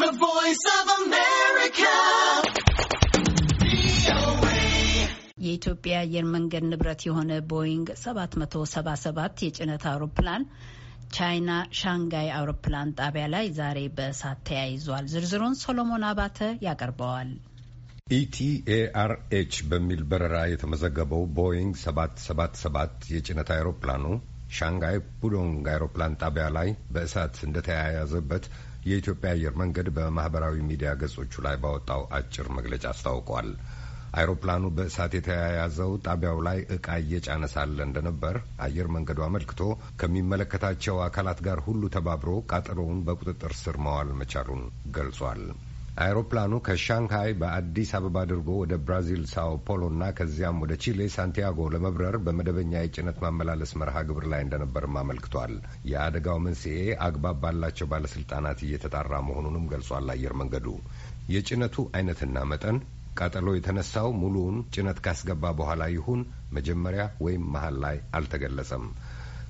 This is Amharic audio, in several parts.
The Voice of America. የኢትዮጵያ አየር መንገድ ንብረት የሆነ ቦይንግ 777 የጭነት አውሮፕላን ቻይና ሻንጋይ አውሮፕላን ጣቢያ ላይ ዛሬ በእሳት ተያይዟል። ዝርዝሩን ሶሎሞን አባተ ያቀርበዋል። ኢቲኤአርኤች በሚል በረራ የተመዘገበው ቦይንግ 777 የጭነት አውሮፕላኑ ሻንጋይ ፑዶንግ አይሮፕላን ጣቢያ ላይ በእሳት እንደተያያዘበት የኢትዮጵያ አየር መንገድ በማህበራዊ ሚዲያ ገጾቹ ላይ ባወጣው አጭር መግለጫ አስታውቋል። አይሮፕላኑ በእሳት የተያያዘው ጣቢያው ላይ እቃ እየጫነ ሳለ እንደነበር አየር መንገዱ አመልክቶ ከሚመለከታቸው አካላት ጋር ሁሉ ተባብሮ ቃጠሎውን በቁጥጥር ስር መዋል መቻሉን ገልጿል። አይሮፕላኑ ከሻንግሃይ በአዲስ አበባ አድርጎ ወደ ብራዚል ሳኦ ፖሎ እና ከዚያም ወደ ቺሌ ሳንቲያጎ ለመብረር በመደበኛ የጭነት ማመላለስ መርሃ ግብር ላይ እንደነበርም አመልክቷል። የአደጋው መንስኤ አግባብ ባላቸው ባለስልጣናት እየተጣራ መሆኑንም ገልጿል። አየር መንገዱ የጭነቱ አይነትና መጠን ቃጠሎ የተነሳው ሙሉውን ጭነት ካስገባ በኋላ ይሁን መጀመሪያ ወይም መሀል ላይ አልተገለጸም።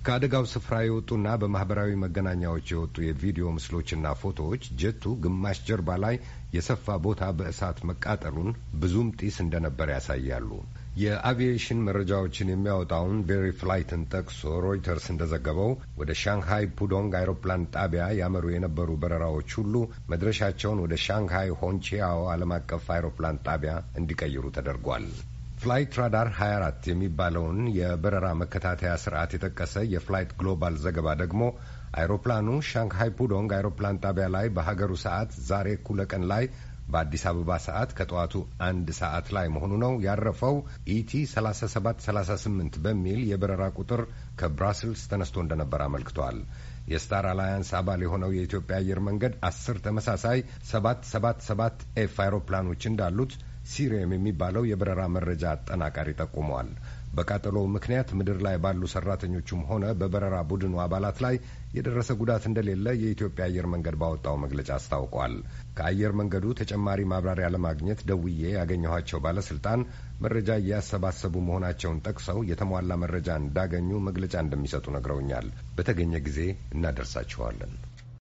ከአደጋው ስፍራ የወጡና በማኅበራዊ መገናኛዎች የወጡ የቪዲዮ ምስሎችና ፎቶዎች ጀቱ ግማሽ ጀርባ ላይ የሰፋ ቦታ በእሳት መቃጠሉን ብዙም ጢስ እንደነበር ያሳያሉ። የአቪዬሽን መረጃዎችን የሚያወጣውን ቬሪ ፍላይትን ጠቅሶ ሮይተርስ እንደዘገበው ወደ ሻንግሃይ ፑዶንግ አይሮፕላን ጣቢያ ያመሩ የነበሩ በረራዎች ሁሉ መድረሻቸውን ወደ ሻንግሃይ ሆንቺያዎ ዓለም አቀፍ አይሮፕላን ጣቢያ እንዲቀይሩ ተደርጓል። ፍላይት ራዳር 24 የሚባለውን የበረራ መከታተያ ስርዓት የጠቀሰ የፍላይት ግሎባል ዘገባ ደግሞ አይሮፕላኑ ሻንግሃይ ፑዶንግ አይሮፕላን ጣቢያ ላይ በሀገሩ ሰዓት ዛሬ እኩለ ቀን ላይ በአዲስ አበባ ሰዓት ከጠዋቱ አንድ ሰዓት ላይ መሆኑ ነው ያረፈው። ኢቲ 3738 በሚል የበረራ ቁጥር ከብራስልስ ተነስቶ እንደነበር አመልክቷል። የስታር አላያንስ አባል የሆነው የኢትዮጵያ አየር መንገድ አስር ተመሳሳይ 777 ኤፍ አይሮፕላኖች እንዳሉት ሲሪየም የሚባለው የበረራ መረጃ አጠናቃሪ ጠቁመዋል። በቃጠሎው ምክንያት ምድር ላይ ባሉ ሰራተኞቹም ሆነ በበረራ ቡድኑ አባላት ላይ የደረሰ ጉዳት እንደሌለ የኢትዮጵያ አየር መንገድ ባወጣው መግለጫ አስታውቋል። ከአየር መንገዱ ተጨማሪ ማብራሪያ ለማግኘት ደውዬ ያገኘኋቸው ባለስልጣን መረጃ እያሰባሰቡ መሆናቸውን ጠቅሰው የተሟላ መረጃ እንዳገኙ መግለጫ እንደሚሰጡ ነግረውኛል። በተገኘ ጊዜ እናደርሳችኋለን።